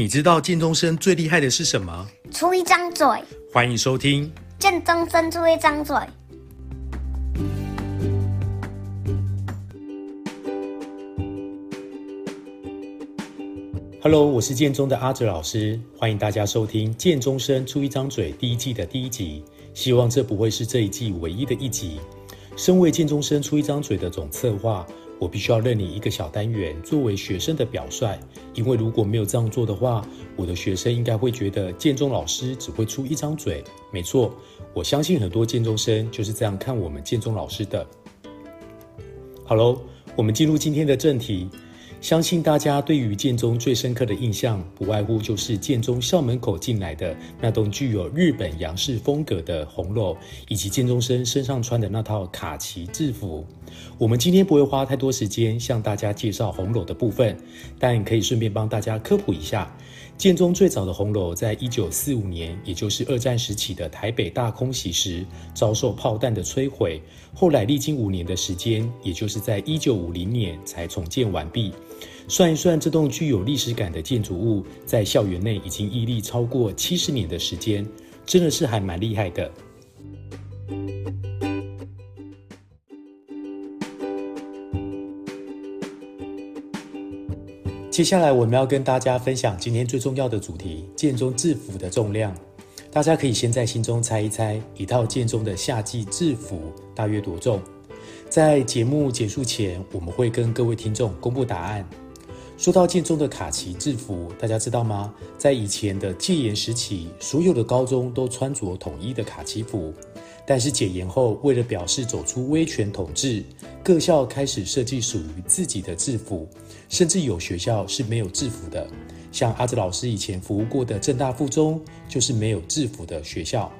你知道建中生最厲害的是什麼？出一張嘴。歡迎收聽《建中生出一張嘴》。Hello，我是建中的阿哲老師，歡迎大家收聽《建中生出一張嘴》第一季的第一集。希望這不會是這一季唯一的一集。身為《建中生出一張嘴》的總策劃。我必須要認領一個小單元作為學生的表率，因為如果沒有這樣做的話，我的學生應該會覺得建中老師只會出一張嘴。沒錯，我相信很多建中生就是這樣看我們建中老師的。好嘍，我們進入今天的正題。相信大家對於建中最深刻的印象，不外乎就是建中校門口進來的那棟具有日本洋式風格的紅樓，以及建中生身上穿的那套卡其制服。我們今天不會花太多時間向大家介紹紅樓的部分，但可以順便幫大家科普一下：建中最早的紅樓，在一九四五年，也就是二戰時期的台北大空襲時，遭受炮彈的摧毀。後來歷經五年的時間，也就是在一九五零年才重建完畢。算一算，這棟具有歷史感的建築物在校園內已經屹立超過七十年的時間，真的是還蠻厲害的。接下來我們要跟大家分享今天最重要的主題——建中制服的重量。大家可以先在心中猜一猜，一套建中的夏季制服大約多重？在節目結束前，我們會跟各位聽眾公布答案。說到建中的卡其制服，大家知道嗎？在以前的戒嚴時期，所有的高中都穿着統一的卡其服。但是解嚴後，為了表示走出威權統治，各校開始設計屬於自己的制服，甚至有學校是沒有制服的。像阿哲老師以前服務過的政大附中，就是沒有制服的學校。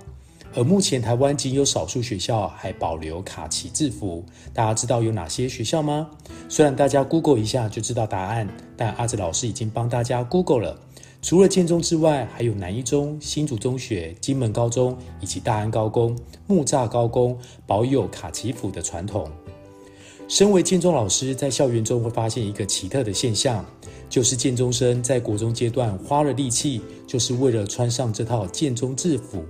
而目前台灣僅有少數學校還保留卡其制服，大家知道有哪些學校嗎？雖然大家 Google 一下就知道答案，但阿哲老師已經幫大家 Google 了。除了建中之外，還有南一中、新竹中學、金門高中以及大安高工、木柵高工保有卡其服的傳統。身為建中老師，在校園中會發現一個奇特的現象，就是建中生在國中階段花了力氣，就是為了穿上這套建中制服。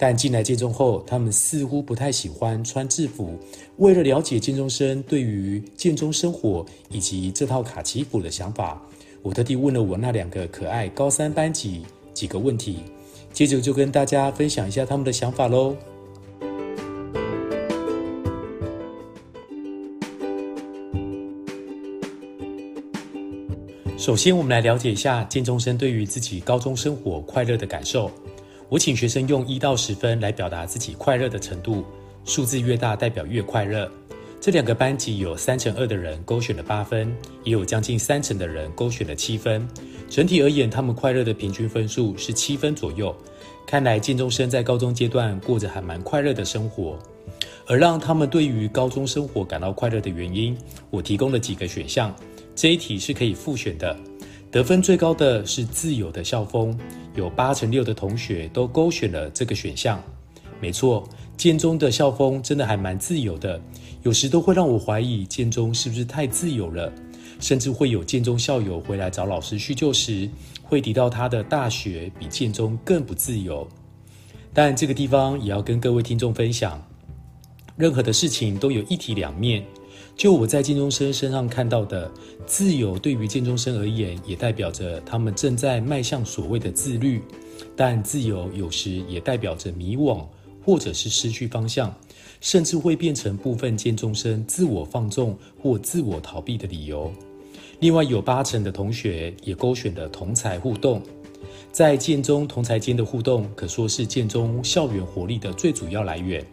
但進來建中後，他們似乎不太喜歡穿制服。為了了解建中生對於建中生活以及這套卡其服的想法，我特地問了我那兩個可愛高三班級幾個問題，接着就跟大家分享一下他們的想法嘍。首先，我們來了解一下建中生對於自己高中生活快樂的感受。我請學生用一到十分來表達自己快樂的程度，數字越大代表越快樂。這兩個班級有三成二的人勾選了八分，也有將近三成的人勾選了七分。整體而言，他們快樂的平均分數是七分左右。看來建中生在高中階段過着還蠻快樂的生活。而讓他們對於高中生活感到快樂的原因，我提供了幾個選項，這一題是可以複選的。得分最高的是自由的校風，有八成六的同學都勾選了這個選項。沒錯，建中的校風真的還蠻自由的，有時都會讓我懷疑建中是不是太自由了，甚至會有建中校友回來找老師敘舊時，會提到他的大學比建中更不自由。但這個地方也要跟各位聽眾分享，任何的事情都有一體兩面。就我在建中生身上看到的，自由對於建中生而言，也代表着他們正在邁向所謂的自律。但自由有時也代表着迷惘，或者是失去方向，甚至會變成部分建中生自我放縱或自我逃避的理由。另外，有八成的同學也勾選了同儕互動，在建中同儕間的互動，可說是建中校園活力的最主要來源。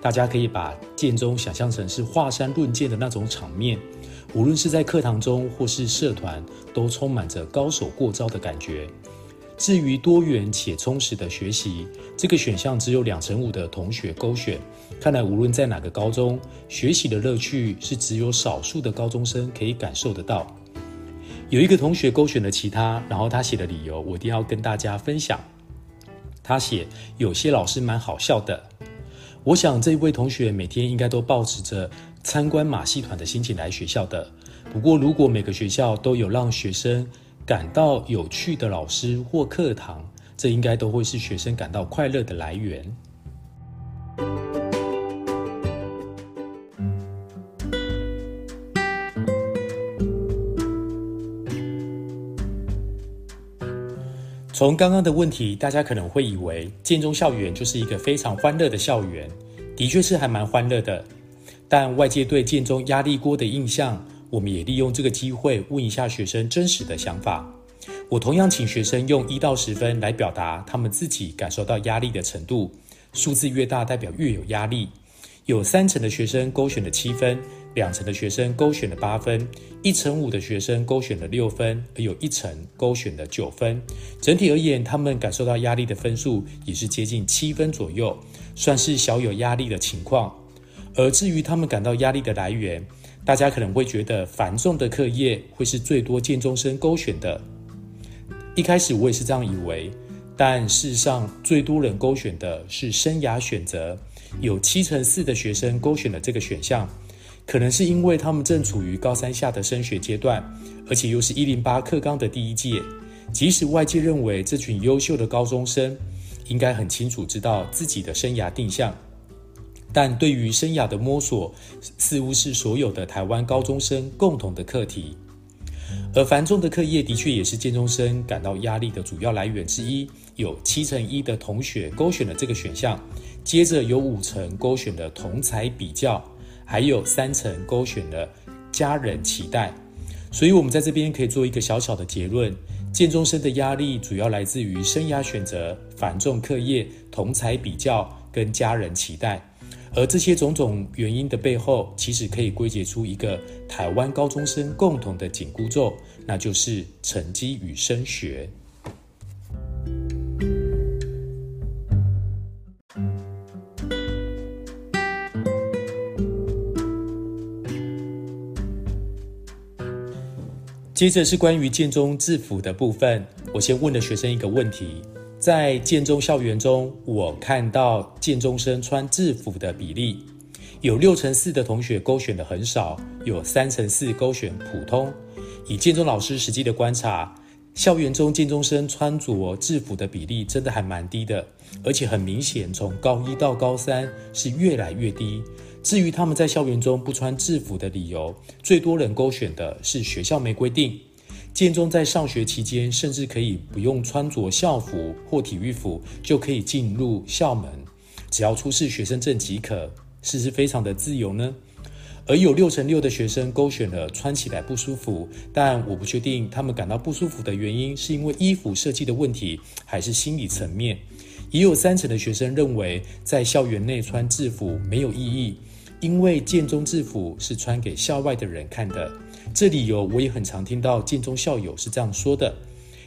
大家可以把建中想象成是華山論劍的那種場面，無論是在課堂中或是社團，都充滿着高手過招的感覺。至於多元且充實的學習，這個選項只有兩成五的同學勾選。看來無論在哪個高中，學習的樂趣是只有少數的高中生可以感受得到。有一個同學勾選了其他，然後他寫的理由我一定要跟大家分享。他寫，有些老師蠻好笑的。我想這位同學每天應該都抱持著參觀馬戲團的心情來學校的。不過，如果每個學校都有讓學生感到有趣的老師或課堂，這應該都會是學生感到快樂的來源。從剛剛的問題，大家可能會以為建中校園就是一個非常歡樂的校園，的確是還蠻歡樂的。但外界對建中壓力鍋的印象，我們也利用這個機會問一下學生真實的想法。我同樣請學生用一到十分來表達他們自己感受到壓力的程度，數字越大代表越有壓力。有三成的學生勾選了七分。兩成的學生勾選了八分，一成五的學生勾選了六分，而有一成勾選了九分。整體而言，他們感受到壓力的分數也是接近七分左右，算是小有壓力的情況。而至於他們感到壓力的來源，大家可能會覺得繁重的課業會是最多建中生勾選的。一開始我也是這樣以為，但事實上最多人勾選的是生涯選擇，有七成四的學生勾選了這個選項。可能是因為他們正處於高三下的升學階段，而且又是一零八課綱的第一屆。即使外界認為這群優秀的高中生應該很清楚知道自己的生涯定向，但對於生涯的摸索，似乎是所有的台灣高中生共同的課題。而繁重的課業的確也是建中生感到壓力的主要來源之一。有七成一的同學勾選了這個選項，接着有五成勾選了同儕比較。還有三成勾選了家人期待，所以我們在這邊可以做一個小小的結論，建中生的壓力主要來自於生涯選擇、繁重課業、同儕比較跟家人期待。而這些種種原因的背後，其實可以歸結出一個台灣高中生共同的緊箍咒，那就是成績與升學。接着是關於建中制服的部分，我先問了學生一個問題：在建中校園中，我看到建中生穿制服的比例，有六成四的同學勾選的很少，有三成四勾選普通。以建中老師實際的觀察，校園中建中生穿着制服的比例真的還蠻低的，而且很明顯，從高一到高三是越來越低。至於他們在校園中不穿制服的理由，最多人勾選的是學校沒規定。建中在上學期間甚至可以不用穿着校服或體育服就可以進入校門，只要出示學生證即可，是不是非常的自由呢？而有六成六的學生勾選了穿起來不舒服，但我不確定他們感到不舒服的原因是因為衣服設計的問題，還是心理層面。也有三成的學生認為，在校園內穿制服沒有意義，因為建中制服是穿給校外的人看的。這理由我也很常聽到建中校友是這樣說的。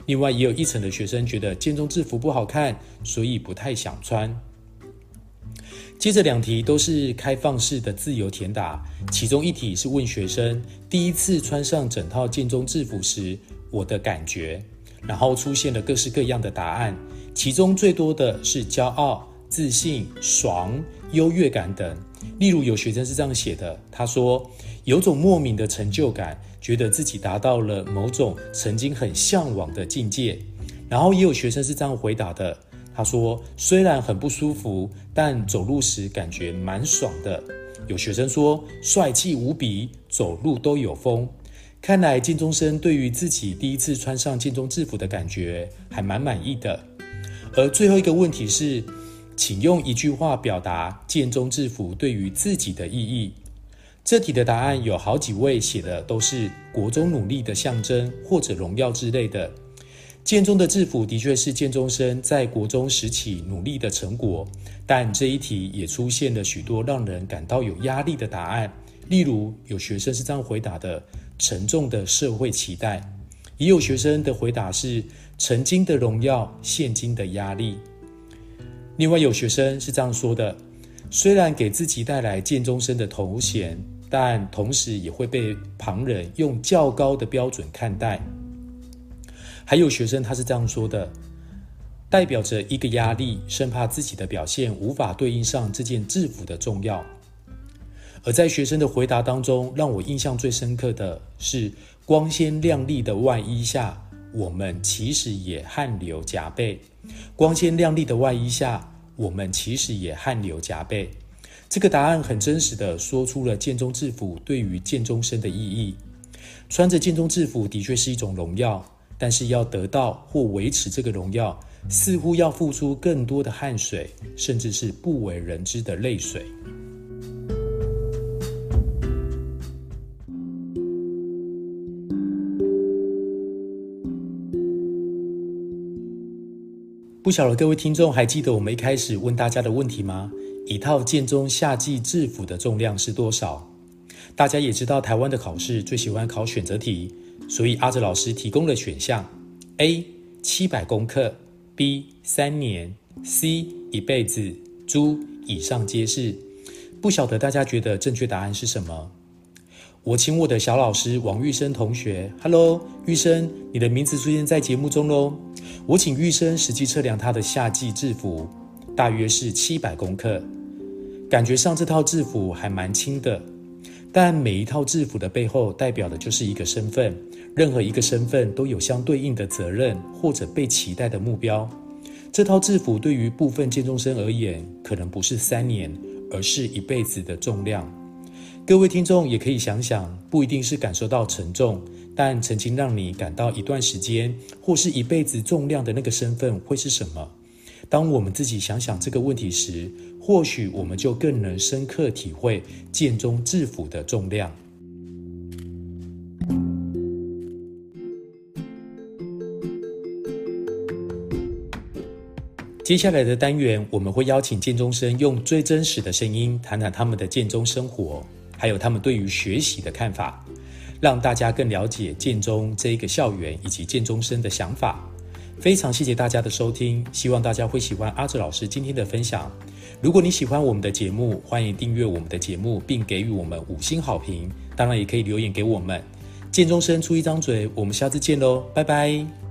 另外，也有一成的學生覺得建中制服不好看，所以不太想穿。接着兩題都是開放式的自由填答，其中一題是問學生第一次穿上整套建中制服時我的感覺，然後出現了各式各樣的答案。其中最多的是驕傲、自信、爽、優越感等。例如，有學生是這樣寫的：“他說，有種莫名的成就感，覺得自己達到了某種曾經很向往的境界。”然後，也有學生是這樣回答的：“他說，雖然很不舒服，但走路時感覺蠻爽的。”有學生說：“帥氣無比，走路都有風。”看來，建中生對於自己第一次穿上建中制服的感覺還蠻滿意的。而最後一個問題是，請用一句話表達建中制服對於自己的意義。這題的答案有好幾位寫的都是國中努力的象徵或者榮耀之類的。建中的制服的確是建中生在國中時期努力的成果，但這一題也出現了許多讓人感到有壓力的答案，例如有學生是這樣回答的：沉重的社會期待。也有學生的回答是，曾經的榮耀，現今的壓力。另外有學生是這樣說的：雖然給自己帶來建中生的頭銜，但同時也會被旁人用較高的標準看待。還有學生他是這樣說的：代表着一個壓力，深怕自己的表現無法對應上這件制服的重要。而在學生的回答當中，讓我印象最深刻的是光鮮亮麗的外衣下。我們其實也汗流浹背，光鮮亮麗的外衣下，我們其實也汗流浹背。這個答案很真實的說出了建中制服對於建中生的意義。穿着建中制服的確是一種榮耀，但是要得到或維持這個榮耀，似乎要付出更多的汗水，甚至是不為人知的淚水。不曉得各位聽眾還記得我們一開始問大家的問題嗎？一套建中夏季制服的重量是多少？大家也知道台灣的考試最喜歡考選擇題，所以阿哲老師提供了選項：A 七百公克，B 三年，C 一輩子，D 以上皆是。不曉得大家覺得正確答案是什麼？我請我的小老師王玉生同學，Hello，玉生，你的名字出現在節目中嘍。我請玉生實際測量他的夏季制服，大約是七百公克。感覺上這套制服還蠻輕的，但每一套制服的背後代表的就是一個身份，任何一個身份都有相對應的責任或者被期待的目標。這套制服對於部分建中生而言，可能不是三年，而是一輩子的重量。各位聽眾也可以想想，不一定是感受到沉重，但曾經讓你感到一段時間或是一輩子重量的那個身份會是什麼？當我們自己想想這個問題時，或許我們就更能深刻體會建中制服的重量。接下來的單元，我們會邀請建中生用最真實的聲音談談他們的建中生活，還有他們對於學習的看法，讓大家更了解建中這一個校園以及建中生的想法。非常謝謝大家的收聽，希望大家會喜歡阿哲老師今天的分享。如果你喜歡我們的節目，歡迎訂閱我們的節目，並給予我們五星好評。當然也可以留言給我們。建中生出一張嘴，我們下次見嘍，拜拜。